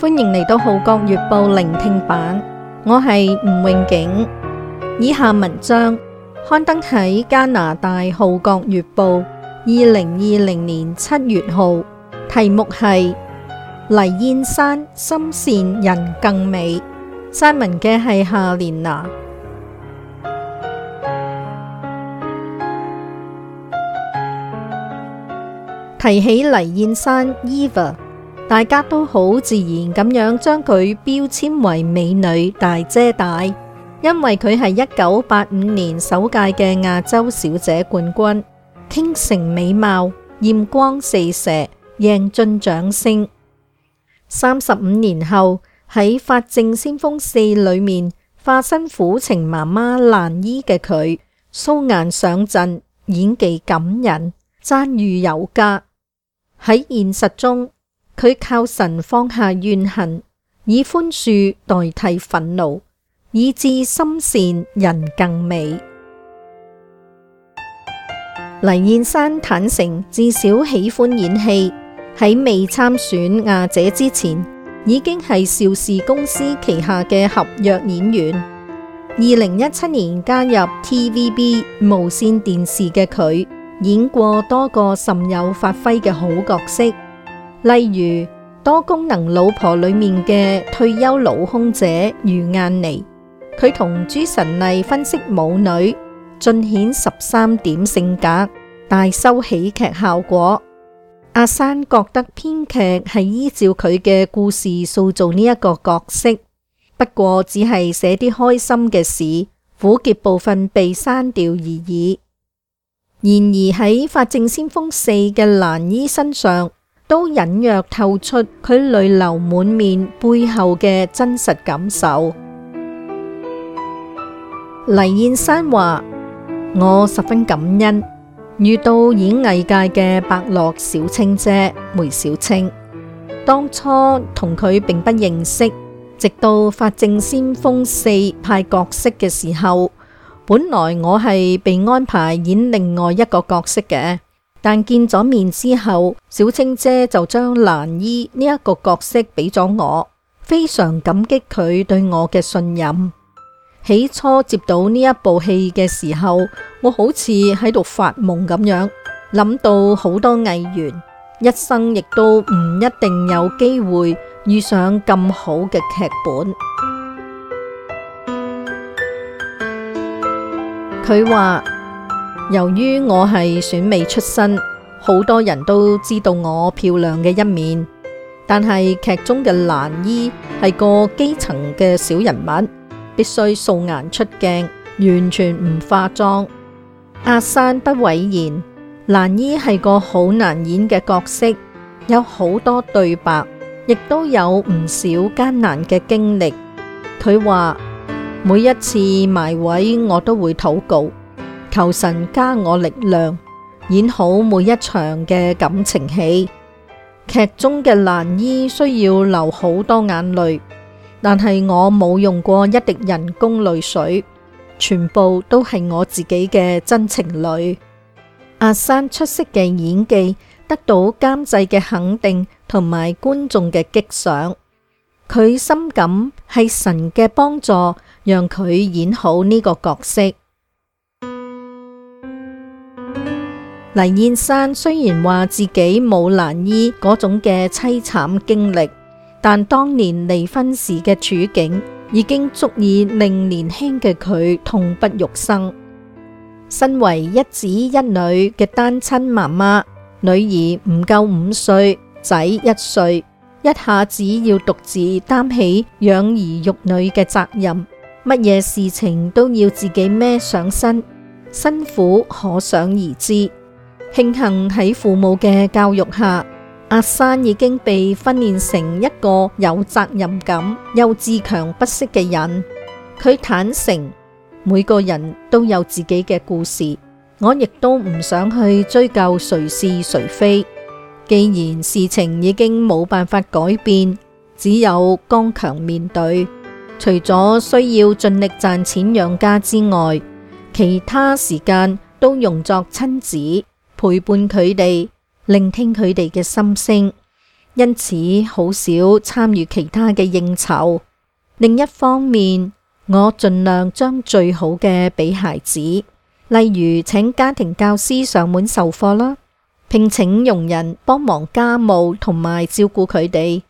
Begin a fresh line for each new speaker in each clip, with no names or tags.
歡迎嚟到《浩國月報》聆聽版，我係吳永景。以下文章刊登喺加拿大《浩國月報》二零二零年七月號，題目係《黎燕珊心善人更美》。撰文嘅係夏連娜。提起黎燕珊，Eva。大家都好自然咁樣將佢標籤為美女大姐大，因為佢係一九八五年首屆嘅亞洲小姐冠軍，傾城美貌，艷光四射，贏盡掌聲。三十五年後喺《法證先鋒四》裏面化身苦情媽媽蘭姨嘅佢，素顏上陣，演技感人，讚譽有加。喺現實中。佢靠神放下怨恨，以寬恕代替憤怒，以致心善人更美。黎燕珊坦誠，自小喜歡演戲。喺未參選亞姐之前，已經係邵氏公司旗下嘅合約演員。二零一七年加入 TVB 無綫電視嘅佢，演過多個甚有發揮嘅好角色。例如多功能老婆裏面嘅退休老空姐余雁妮，佢同朱晨麗分析母女，盡顯十三點性格，大收喜劇效果。阿珊覺得編劇係依照佢嘅故事塑造呢一個角色，不過只係寫啲開心嘅事，苦澀部分被刪掉而已。然而喺法證先鋒四嘅蘭姨身上，都隱約透出佢淚流滿面背後嘅真實感受。黎燕珊話：我十分感恩遇到演藝界嘅伯樂小青姐梅小青。當初同佢並不認識，直到法證先鋒四派角色嘅時候，本來我係被安排演另外一個角色嘅。但見咗面之後，小青姐就將蘭姨呢一個角色俾咗我，非常感激佢對我嘅信任。起初接到呢一部戲嘅時候，我好似喺度發夢咁樣，諗到好多藝員一生亦都唔一定有機會遇上咁好嘅劇本。佢話。由於我係選美出身，好多人都知道我漂亮嘅一面，但係劇中嘅蘭姨係個基層嘅小人物，必須素顏出鏡，完全唔化妝。阿珊不諱言，蘭姨係個好難演嘅角色，有好多對白，亦都有唔少艱難嘅經歷，佢話，每一次埋位我都會禱告，求神加我力量，演好每一場嘅感情戲。劇中嘅蘭姨需要流好多眼淚，但係我冇用過一滴人工淚水，全部都係我自己嘅真情淚。阿珊出色嘅演技得到監製嘅肯定同埋觀眾嘅激賞。佢深感係神嘅幫助，讓佢演好呢個角色。黎燕珊雖然話自己冇蘭姨嗰種嘅淒慘經歷，但當年離婚時嘅處境已經足以令年輕嘅佢痛不欲生。身為一子一女嘅單親媽媽，女兒唔夠五歲，仔一歲，一下子要獨自擔起養兒育女嘅責任，乜嘢事情都要自己孭上身，辛苦可想而知。慶幸喺父母嘅教育下，阿山已經被訓練成一個有責任感又自強不息嘅人。佢坦誠，每個人都有自己嘅故事，我亦都唔想去追究誰是誰非。既然事情已經冇辦法改變，只有剛強面對。除咗需要盡力賺錢養家之外，其他時間都用作親子。陪伴佢哋，聆聽佢哋嘅心聲，因此好少參與其他嘅應酬。另一方面，我盡量將最好嘅俾孩子，例如請家庭教師上門授課啦，聘請傭人幫忙家務同埋照顧佢哋。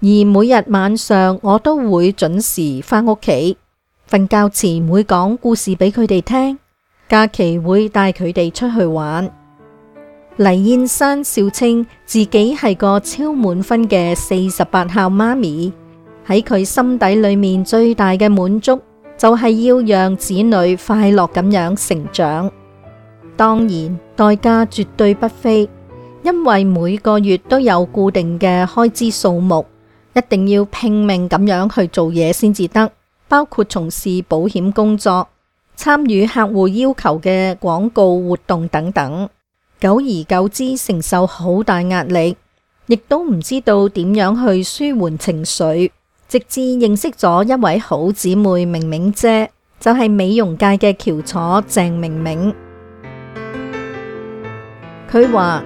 而每日晚上我都會準時返屋企，瞓覺前會講故事俾佢哋聽。假期會帶佢哋出去玩。黎燕珊笑稱自己係個超滿分嘅四十八孝媽咪，喺佢心底裏面最大嘅滿足就係要讓子女快樂咁樣成長。當然，代價絕對不菲，因為每個月都有固定嘅開支數目，一定要拼命咁樣去做嘢，先至得，包括從事保險工作、參與客戶要求嘅廣告活動等等。久而久之，承受好大壓力，亦都唔知道點樣去舒緩情緒，直至認識咗一位好姊妹明明姐，就係美容界嘅翹楚鄭明明。佢話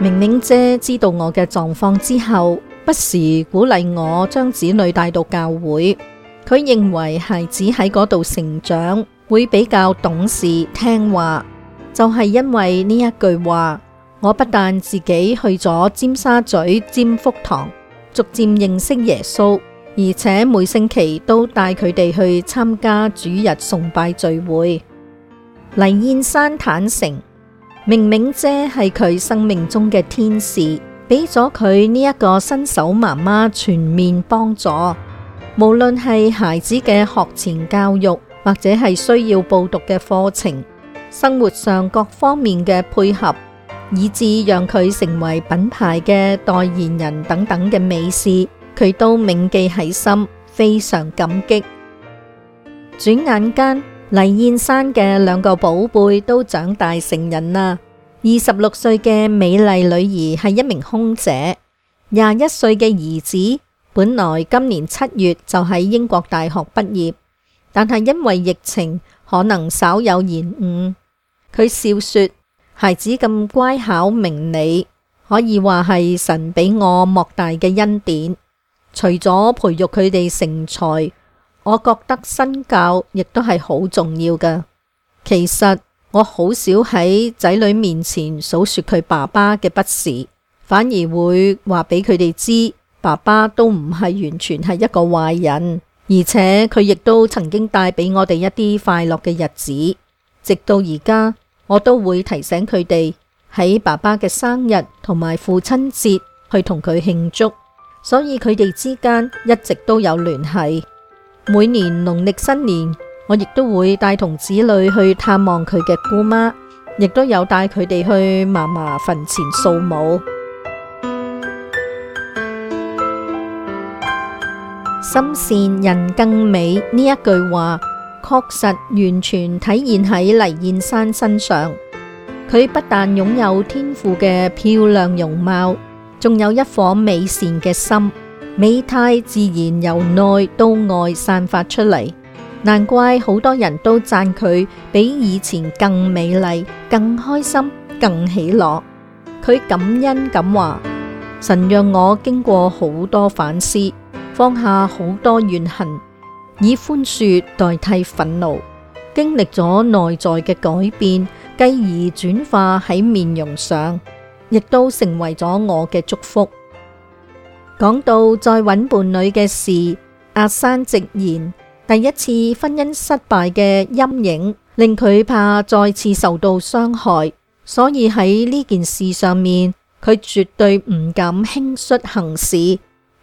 明明姐知道我嘅狀況之後，不時鼓勵我將子女帶到教會。佢認為孩子喺嗰度成長會比較懂事聽話。就係因為呢一句話，我不但自己去咗尖沙咀尖福堂，逐漸認識耶穌，而且每星期都帶佢哋去參加主日崇拜聚會。黎燕珊坦誠，明明姐係佢生命中嘅天使，俾咗佢呢一個新手媽媽全面幫助，無論係孩子嘅學前教育，或者係需要報讀嘅課程。生活上各方面嘅配合，以至讓佢成為品牌嘅代言人等等嘅美事，佢都銘記喺心，非常感激。轉眼間，黎燕珊嘅兩個寶貝都長大成人啦。二十六歲嘅美麗女兒係一名空姐，廿一歲嘅兒子本來今年七月就喺英國大學畢業，但係因為疫情。可能稍有延誤，佢笑說：孩子咁乖巧明理，可以話係神俾我莫大嘅恩典。除咗培育佢哋成才，我覺得身教亦都係好重要嘅。其實我好少喺仔女面前數說佢爸爸嘅不是，反而會話俾佢哋知，爸爸都唔係完全係一個壞人。而且佢亦都曾經帶畀我哋一啲快樂嘅日子，直到而家我都會提醒佢哋喺爸爸嘅生日同埋父親節去同佢慶祝，所以佢哋之間一直都有聯繫。每年農曆新年，我亦都會帶同子女去探望佢嘅姑媽，亦都有帶佢哋去嫲嫲墳前掃墓。心善人更美呢一句話，確實完全體現喺黎燕珊身上。佢不但擁有天賦嘅漂亮容貌，仲有一顆美善嘅心，美態自然由內到外散發出嚟。難怪好多人都讚佢比以前更美麗、更開心、更喜樂。佢感恩咁話，神讓我經過好多反思。放下好多怨恨，以寬恕代替憤怒，經歷咗內在嘅改變，繼而轉化喺面容上，亦都成為咗我嘅祝福。講到再搵伴侶嘅事，阿珊直言，第一次婚姻失敗嘅陰影令佢怕再次受到傷害，所以喺呢件事上面，佢絕對唔敢輕率行事。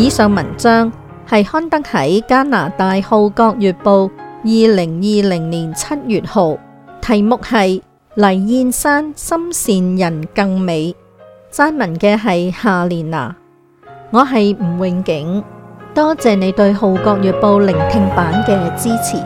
以上文章係刊登喺加拿大《號角月報》二零二零年七月號，題目係《黎燕珊心善人更美》，撰文嘅係夏連娜。我係吳永景，多謝你對《號角月報》聆聽版嘅支持。